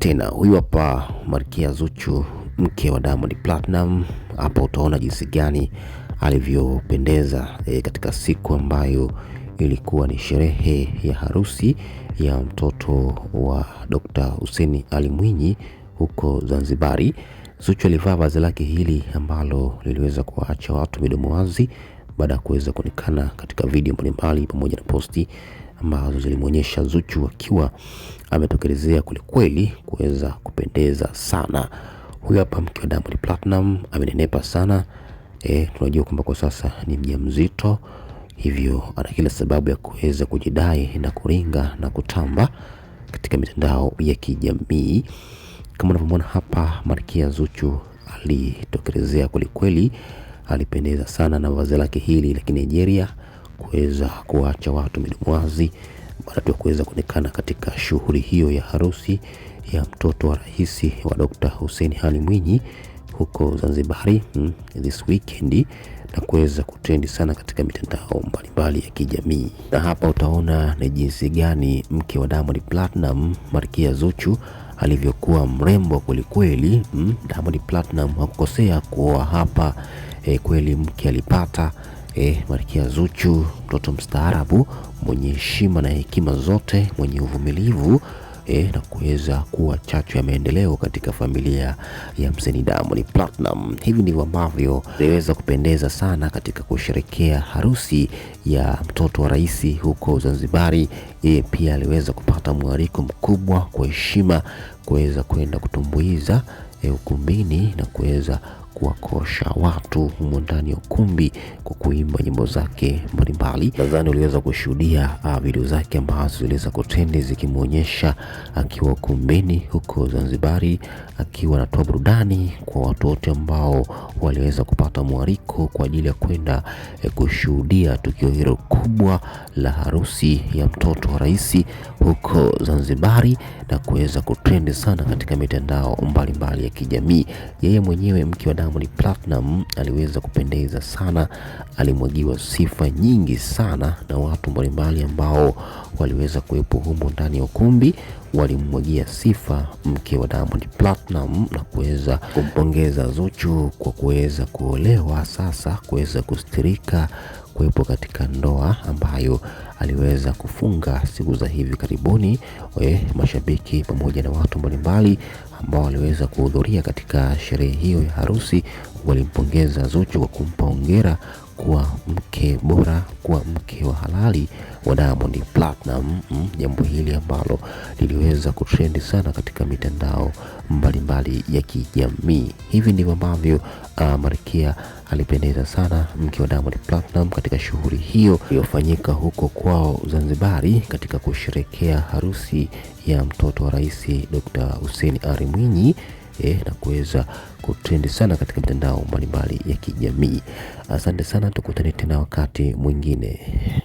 tena. Huyu hapa Malkia Zuchu, mke wa Diamond Platinum. Hapa utaona jinsi gani alivyopendeza e, katika siku ambayo ilikuwa ni sherehe ya harusi ya mtoto wa Dr. Hussein Ali Mwinyi huko Zanzibari. Zuchu alivaa vazi lake hili ambalo liliweza kuwaacha watu midomo wazi baada ya kuweza kuonekana katika video mbalimbali pamoja na posti ambazo zilimwonyesha Zuchu akiwa ametokelezea kwelikweli kuweza kupendeza sana. Huyu hapa mke wa Diamond Platinum amenenepa sana e, tunajua kwamba kwa sasa ni mjamzito, hivyo ana kila sababu ya kuweza kujidai na kuringa na kutamba katika mitandao ya kijamii. Kama unavyomwona hapa, Malkia Zuchu alitokelezea kwelikweli, alipendeza sana na vazi lake hili la Kinigeria kuweza kuacha watu midomo wazi baada tu ya kuweza kuonekana katika shughuli hiyo ya harusi ya mtoto wa rais wa Dr. Hussein Ali Mwinyi huko Zanzibari mm, this weekend na kuweza kutrendi sana katika mitandao mbalimbali ya kijamii. Na hapa utaona ni jinsi gani mke wa Diamond Platinum Markia Zuchu alivyokuwa mrembo kwelikweli. Hmm, Diamond Platinum hakukosea kuoa hapa. E, kweli mke alipata eh, Malkia Zuchu, mtoto mstaarabu mwenye heshima na hekima zote, mwenye uvumilivu e, na kuweza kuwa chachu ya maendeleo katika familia ya msanii Diamond Platinum. Hivi ndivyo ambavyo aliweza kupendeza sana katika kusherekea harusi ya mtoto wa rais huko Zanzibari. Yeye pia aliweza kupata mwaliko mkubwa kwa heshima kuweza kwenda kutumbuiza e, ukumbini na kuweza kuwakosha watu humo ndani ya ukumbi kwa kuimba nyimbo zake mbalimbali. Nadhani uliweza kushuhudia ah, video zake ambazo ziliweza kutendi zikimwonyesha akiwa ukumbini huko Zanzibari, akiwa anatoa burudani kwa watu wote ambao waliweza kupata mwaliko kwa ajili ya kwenda eh, kushuhudia tukio hilo kubwa la harusi ya mtoto wa rais huko Zanzibari na kuweza kutrendi sana katika mitandao mbalimbali mbali ya kijamii. Yeye mwenyewe mke wa Diamond Platinum aliweza kupendeza sana, alimwagiwa sifa nyingi sana na watu mbalimbali ambao waliweza kuwepo humo ndani ya ukumbi walimwagia sifa mke wa Diamond Platinum na kuweza kumpongeza Zuchu kwa kuweza kuolewa, sasa kuweza kustirika kuwepo katika ndoa ambayo aliweza kufunga siku za hivi karibuni. We, eh, mashabiki pamoja na watu mbalimbali ambao waliweza kuhudhuria katika sherehe hiyo ya harusi walimpongeza Zuchu kwa kumpa hongera kuwa mke bora, kuwa mke wa halali wa Diamond Platinum, mm, jambo hili ambalo liliweza kutrendi sana katika mitandao mbalimbali mbali ya kijamii. Hivi ndivyo ambavyo uh, ah, Marikia alipendeza sana mke wa Diamond Platinum katika shughuli hiyo iliyofanyika huko kwao Zanzibari katika kusherekea harusi ya mtoto wa Rais Dr. Hussein Ali Mwinyi eh, na kuweza kutrendi sana katika mitandao mbalimbali ya kijamii. Asante sana, tukutane tena wakati mwingine.